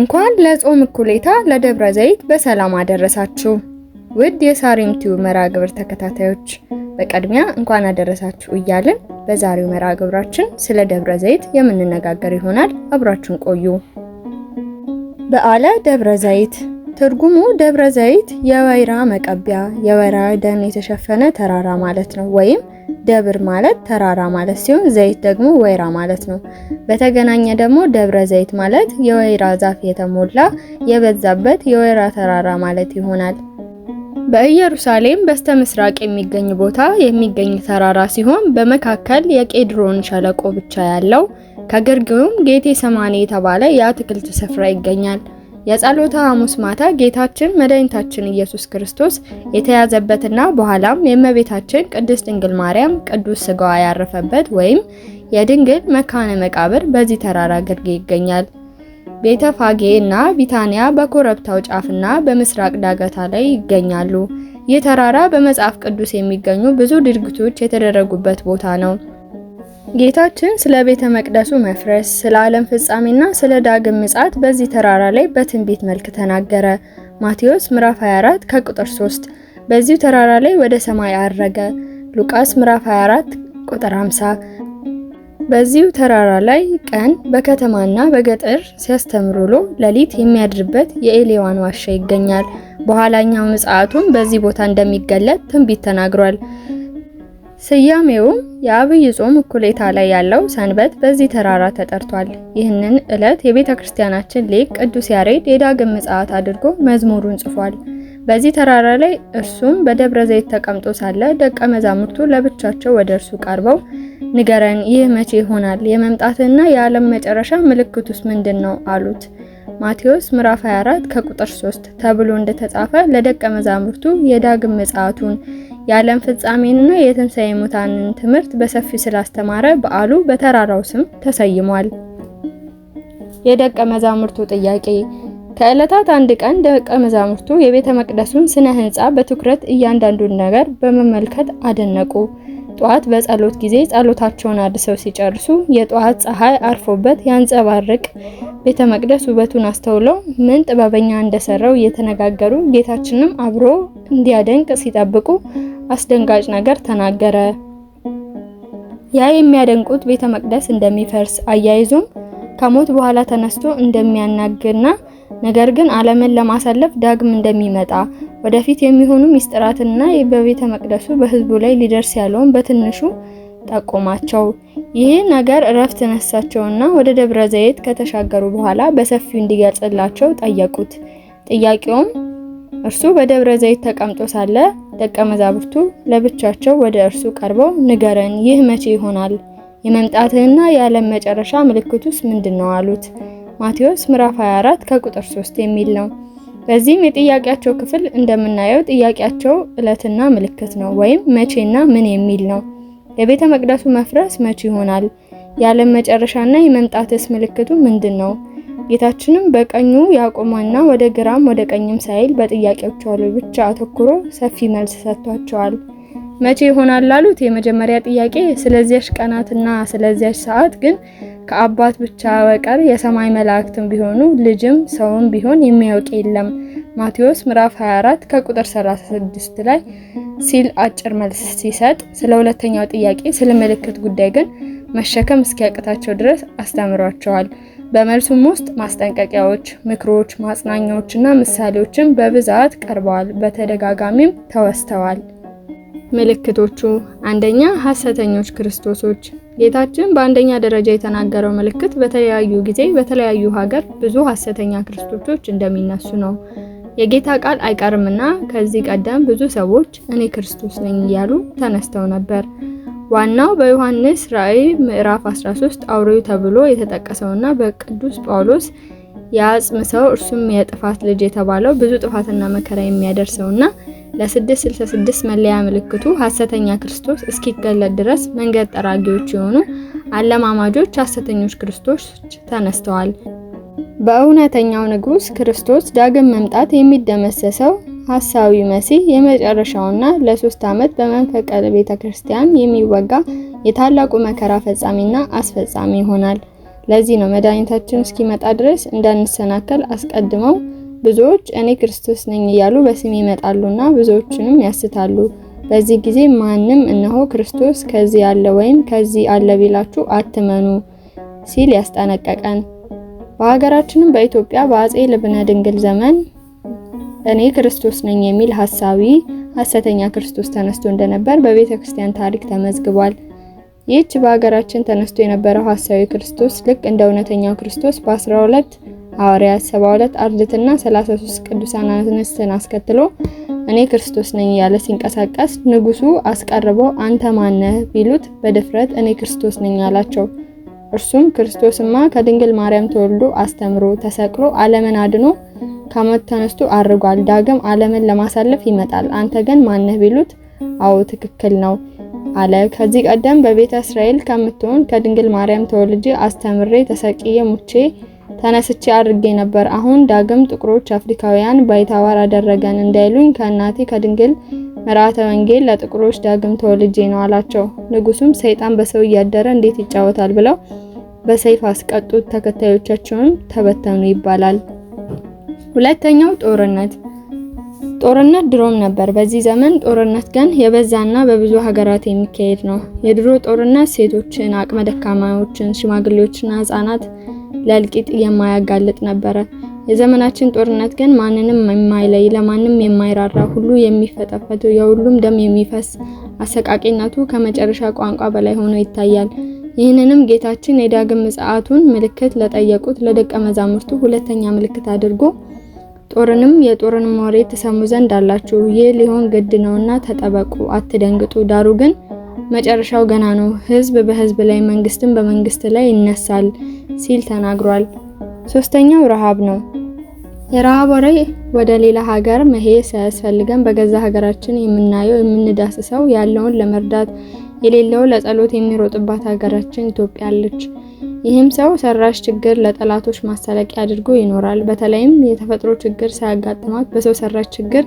እንኳን ለጾም እኩሌታ ለደብረ ዘይት በሰላም አደረሳችሁ። ውድ የሳሪም ቲዩብ መርሃ ግብር ተከታታዮች በቅድሚያ እንኳን አደረሳችሁ እያልን በዛሬው መርሃ ግብራችን ስለ ደብረ ዘይት የምንነጋገር ይሆናል። አብራችሁን ቆዩ። በዓለ ደብረ ዘይት ትርጉሙ ደብረ ዘይት የወይራ መቀቢያ፣ የወይራ ደን የተሸፈነ ተራራ ማለት ነው ወይም ደብር ማለት ተራራ ማለት ሲሆን ዘይት ደግሞ ወይራ ማለት ነው። በተገናኘ ደግሞ ደብረ ዘይት ማለት የወይራ ዛፍ የተሞላ የበዛበት የወይራ ተራራ ማለት ይሆናል። በኢየሩሳሌም በስተምስራቅ የሚገኝ ቦታ የሚገኝ ተራራ ሲሆን በመካከል የቄድሮን ሸለቆ ብቻ ያለው ከግርጌውም ጌቴ ሰማኒ የተባለ የአትክልት ስፍራ ይገኛል። የጸሎተ ሐሙስ ማታ ጌታችን መድኃኒታችን ኢየሱስ ክርስቶስ የተያዘበትና በኋላም የእመቤታችን ቅድስት ድንግል ማርያም ቅዱስ ስጋዋ ያረፈበት ወይም የድንግል መካነ መቃብር በዚህ ተራራ ግርጌ ይገኛል። ቤተ ፋጌ እና ቢታንያ በኮረብታው ጫፍና በምስራቅ ዳገታ ላይ ይገኛሉ። ይህ ተራራ በመጽሐፍ ቅዱስ የሚገኙ ብዙ ድርጊቶች የተደረጉበት ቦታ ነው። ጌታችን ስለ ቤተ መቅደሱ መፍረስ፣ ስለ ዓለም ፍጻሜና ስለ ዳግም ምጽአት በዚህ ተራራ ላይ በትንቢት መልክ ተናገረ። ማቴዎስ ምዕራፍ 24 ከቁጥር 3። በዚሁ ተራራ ላይ ወደ ሰማይ አረገ። ሉቃስ ምዕራፍ 24 ቁጥር 50። በዚሁ ተራራ ላይ ቀን በከተማና በገጠር ሲያስተምር ውሎ ሌሊት የሚያድርበት የኤሌዋን ዋሻ ይገኛል። በኋላኛው ምጽአቱም በዚህ ቦታ እንደሚገለጥ ትንቢት ተናግሯል። ስያሜውም የአብይ ጾም እኩሌታ ላይ ያለው ሰንበት በዚህ ተራራ ተጠርቷል። ይህንን ዕለት የቤተ ክርስቲያናችን ሊቅ ቅዱስ ያሬድ የዳግም ምጽአት አድርጎ መዝሙሩን ጽፏል። በዚህ ተራራ ላይ እርሱም በደብረ ዘይት ተቀምጦ ሳለ ደቀ መዛሙርቱ ለብቻቸው ወደ እርሱ ቀርበው ንገረን፣ ይህ መቼ ይሆናል? የመምጣትና የዓለም መጨረሻ ምልክቱስ ምንድን ነው? አሉት። ማቴዎስ ምዕራፍ 24 ከቁጥር 3 ተብሎ እንደተጻፈ ለደቀ መዛሙርቱ የዳግም ምጽአቱን የዓለም ፍጻሜንና የትንሣኤ ሙታንን ትምህርት በሰፊው ስላስተማረ በዓሉ በተራራው ስም ተሰይሟል። የደቀ መዛሙርቱ ጥያቄ ከዕለታት አንድ ቀን ደቀ መዛሙርቱ የቤተ መቅደሱን ስነ ህንፃ በትኩረት እያንዳንዱን ነገር በመመልከት አደነቁ። ጠዋት በጸሎት ጊዜ ጸሎታቸውን አድሰው ሲጨርሱ የጠዋት ፀሐይ አርፎበት ያንጸባርቅ ቤተ መቅደስ ውበቱን አስተውለው ምን ጥበበኛ እንደሰራው እየተነጋገሩ ጌታችንም አብሮ እንዲያደንቅ ሲጠብቁ አስደንጋጭ ነገር ተናገረ። ያ የሚያደንቁት ቤተ መቅደስ እንደሚፈርስ አያይዞም ከሞት በኋላ ተነስቶ እንደሚያናግና ነገር ግን ዓለምን ለማሳለፍ ዳግም እንደሚመጣ ወደፊት የሚሆኑ ሚስጥራትና በቤተ መቅደሱ በሕዝቡ ላይ ሊደርስ ያለውን በትንሹ ጠቁማቸው። ይህ ነገር እረፍት ነሳቸውና ወደ ደብረ ዘይት ከተሻገሩ በኋላ በሰፊው እንዲገልጽላቸው ጠየቁት። ጥያቄውም እርሱ በደብረ ዘይት ተቀምጦ ሳለ ደቀ መዛብርቱ ለብቻቸው ወደ እርሱ ቀርበው ንገረን፣ ይህ መቼ ይሆናል? የመምጣትህና የዓለም መጨረሻ ምልክቱስ ምንድን ነው? አሉት። ማቴዎስ ምዕራፍ 24 ከቁጥር 3 የሚል ነው። በዚህም የጥያቄያቸው ክፍል እንደምናየው ጥያቄያቸው ዕለትና ምልክት ነው ወይም መቼና ምን የሚል ነው። የቤተ መቅደሱ መፍረስ መቼ ይሆናል? የዓለም መጨረሻና የመምጣትስ ምልክቱ ምንድን ነው? ጌታችንም በቀኙ ያቆመና ወደ ግራም ወደ ቀኝም ሳይል በጥያቄዎቻቸው ላይ ብቻ አተኩሮ ሰፊ መልስ ሰጥቷቸዋል። መቼ ይሆናል ላሉት የመጀመሪያ ጥያቄ ስለዚያች ቀናትና ስለዚያች ሰዓት ግን ከአባት ብቻ በቀር የሰማይ መላእክትም ቢሆኑ ልጅም ሰውም ቢሆን የሚያውቅ የለም ማቴዎስ ምዕራፍ 24 ከቁጥር 36 ላይ ሲል አጭር መልስ ሲሰጥ፣ ስለ ሁለተኛው ጥያቄ ስለ ምልክት ጉዳይ ግን መሸከም እስኪያቅታቸው ድረስ አስተምሯቸዋል። በመልሱም ውስጥ ማስጠንቀቂያዎች፣ ምክሮች፣ ማጽናኛዎች እና ምሳሌዎችን በብዛት ቀርበዋል፣ በተደጋጋሚም ተወስተዋል። ምልክቶቹ አንደኛ ሐሰተኞች ክርስቶሶች። ጌታችን በአንደኛ ደረጃ የተናገረው ምልክት በተለያዩ ጊዜ በተለያዩ ሀገር ብዙ ሐሰተኛ ክርስቶሶች እንደሚነሱ ነው። የጌታ ቃል አይቀርምና ከዚህ ቀደም ብዙ ሰዎች እኔ ክርስቶስ ነኝ እያሉ ተነስተው ነበር። ዋናው በዮሐንስ ራእይ ምዕራፍ 13 አውሬው ተብሎ የተጠቀሰውና በቅዱስ ጳውሎስ የአጽም ሰው እርሱም የጥፋት ልጅ የተባለው ብዙ ጥፋትና መከራ የሚያደርሰውና ለ666 መለያ ምልክቱ ሐሰተኛ ክርስቶስ እስኪገለጥ ድረስ መንገድ ጠራጊዎች የሆኑ አለማማጆች ሐሰተኞች ክርስቶስ ተነስተዋል። በእውነተኛው ንጉስ ክርስቶስ ዳግም መምጣት የሚደመሰሰው ሐሳዊ መሲህ የመጨረሻውና ለሶስት ዓመት በመንፈቀ ቤተ ክርስቲያን የሚወጋ የታላቁ መከራ ፈጻሚና አስፈጻሚ ይሆናል። ለዚህ ነው መድኃኒታችን እስኪመጣ ድረስ እንዳንሰናከል አስቀድመው ብዙዎች እኔ ክርስቶስ ነኝ እያሉ በስም ይመጣሉና ብዙዎችንም ያስታሉ። በዚህ ጊዜ ማንም እነሆ ክርስቶስ ከዚህ አለ ወይም ከዚህ አለ ቢላችሁ አትመኑ ሲል ያስጠነቀቀን። በሀገራችንም በኢትዮጵያ በአፄ ልብነ ድንግል ዘመን እኔ ክርስቶስ ነኝ የሚል ሐሳዊ ሐሰተኛ ክርስቶስ ተነስቶ እንደነበር በቤተ ክርስቲያን ታሪክ ተመዝግቧል። ይህች በሀገራችን ተነስቶ የነበረው ሐሳዊ ክርስቶስ ልክ እንደ እውነተኛው ክርስቶስ በ12 ሐዋርያት፣ 72 አርድእትና 33 ቅዱሳን አነስትን አስከትሎ እኔ ክርስቶስ ነኝ እያለ ሲንቀሳቀስ ንጉሱ አስቀርቦ አንተ ማነህ ቢሉት በድፍረት እኔ ክርስቶስ ነኝ አላቸው። እርሱም ክርስቶስማ ከድንግል ማርያም ተወልዶ አስተምሮ ተሰቅሎ ዓለምን አድኖ ከሞት ተነስቶ አርጓል። ዳግም ዓለምን ለማሳለፍ ይመጣል። አንተ ግን ማነህ ቢሉት አዎ ትክክል ነው አለ። ከዚህ ቀደም በቤተ እስራኤል ከምትሆን ከድንግል ማርያም ተወልጄ አስተምሬ ተሰቅዬ ሙቼ ተነስቼ አድርጌ ነበር። አሁን ዳግም ጥቁሮች አፍሪካውያን ባይታዋር አደረገን እንዳይሉኝ ከእናቴ ከድንግል ምርዓተ ወንጌል ለጥቁሮች ዳግም ተወልጄ ነው አላቸው። ንጉሱም ሰይጣን በሰው እያደረ እንዴት ይጫወታል ብለው በሰይፍ አስቀጡት። ተከታዮቻቸውን ተበተኑ ይባላል። ሁለተኛው ጦርነት ጦርነት ድሮም ነበር። በዚህ ዘመን ጦርነት ግን የበዛና በብዙ ሀገራት የሚካሄድ ነው። የድሮ ጦርነት ሴቶችን፣ አቅመ ደካማዎችን፣ ሽማግሌዎችና ህጻናት ለእልቂት የማያጋልጥ ነበረ። የዘመናችን ጦርነት ግን ማንንም የማይለይ ለማንም የማይራራ ሁሉ የሚፈጠፈቱ የሁሉም ደም የሚፈስ አሰቃቂነቱ ከመጨረሻ ቋንቋ በላይ ሆኖ ይታያል። ይህንንም ጌታችን የዳግም ምጽአቱን ምልክት ለጠየቁት ለደቀ መዛሙርቱ ሁለተኛ ምልክት አድርጎ ጦርንም የጦርን ወሬ ትሰሙ ዘንድ አላችሁ፣ ይህ ሊሆን ግድ ነውና ተጠበቁ፣ አትደንግጡ። ዳሩ ግን መጨረሻው ገና ነው፣ ህዝብ በህዝብ ላይ መንግስትን በመንግስት ላይ ይነሳል ሲል ተናግሯል። ሶስተኛው ረሃብ ነው። የረሃብ ወሬ ወደ ሌላ ሀገር መሄድ ሳያስፈልገን በገዛ ሀገራችን የምናየው የምንዳስሰው ያለውን ለመርዳት የሌለው ለጸሎት የሚሮጥባት ሀገራችን ኢትዮጵያ አለች። ይህም ሰው ሰራሽ ችግር ለጠላቶች ማሳለቂያ አድርጎ ይኖራል። በተለይም የተፈጥሮ ችግር ሳያጋጥማት በሰው ሰራሽ ችግር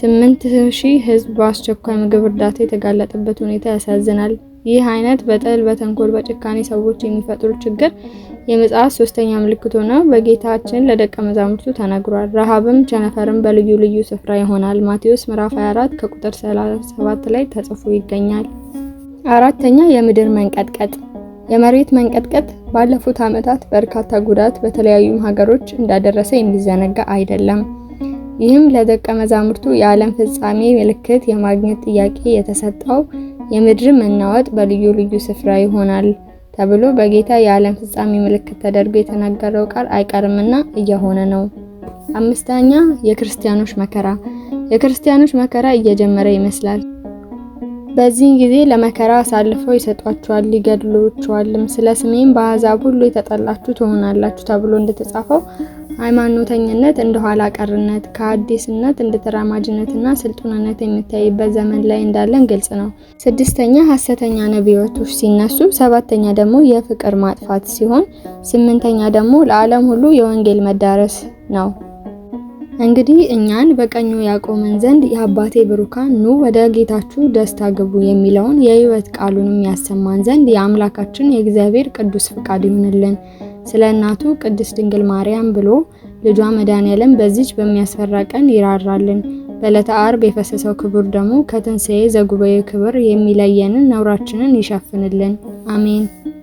ስምንት ሺህ ህዝብ በአስቸኳይ ምግብ እርዳታ የተጋለጠበት ሁኔታ ያሳዝናል። ይህ አይነት በጥል በተንኮል፣ በጭካኔ ሰዎች የሚፈጥሩት ችግር የምጽአት ሶስተኛ ምልክት ሆነ በጌታችን ለደቀ መዛሙርቱ ተነግሯል። ረሃብም ቸነፈርም በልዩ ልዩ ስፍራ ይሆናል። ማቴዎስ ምዕራፍ 24 ከቁጥር 37 ላይ ተጽፎ ይገኛል። አራተኛ የምድር መንቀጥቀጥ። የመሬት መንቀጥቀጥ ባለፉት ዓመታት በርካታ ጉዳት በተለያዩ ሀገሮች እንዳደረሰ የሚዘነጋ አይደለም። ይህም ለደቀ መዛሙርቱ የዓለም ፍጻሜ ምልክት የማግኘት ጥያቄ የተሰጠው የምድር መናወጥ በልዩ ልዩ ስፍራ ይሆናል ተብሎ በጌታ የዓለም ፍጻሜ ምልክት ተደርጎ የተነገረው ቃል አይቀርምና እየሆነ ነው። አምስተኛ የክርስቲያኖች መከራ። የክርስቲያኖች መከራ እየጀመረ ይመስላል። በዚህን ጊዜ ለመከራ አሳልፈው ይሰጧችኋል፣ ይገድሏችኋልም። ስለ ስሜም በአሕዛብ ሁሉ የተጠላችሁ ትሆናላችሁ ተብሎ እንደተጻፈው ሃይማኖተኝነት እንደ ኋላ ቀርነት ከአዲስነት እንደ ተራማጅነትና ስልጡንነት የሚታይበት ዘመን ላይ እንዳለን ግልጽ ነው። ስድስተኛ ሐሰተኛ ነቢያቶች ሲነሱ፣ ሰባተኛ ደግሞ የፍቅር ማጥፋት ሲሆን፣ ስምንተኛ ደግሞ ለዓለም ሁሉ የወንጌል መዳረስ ነው። እንግዲህ እኛን በቀኙ ያቆመን ዘንድ የአባቴ ብሩካን ኑ ወደ ጌታችሁ ደስታ ግቡ የሚለውን የሕይወት ቃሉንም ያሰማን ዘንድ የአምላካችን የእግዚአብሔር ቅዱስ ፍቃድ ይሁንልን። ስለ እናቱ ቅድስት ድንግል ማርያም ብሎ ልጇ መድኃኔዓለም በዚች በሚያስፈራ ቀን ይራራልን። በዕለተ ዓርብ የፈሰሰው ክቡር ደግሞ ከትንሣኤ ዘጉባኤ ክብር የሚለየንን ነውራችንን ይሸፍንልን። አሜን።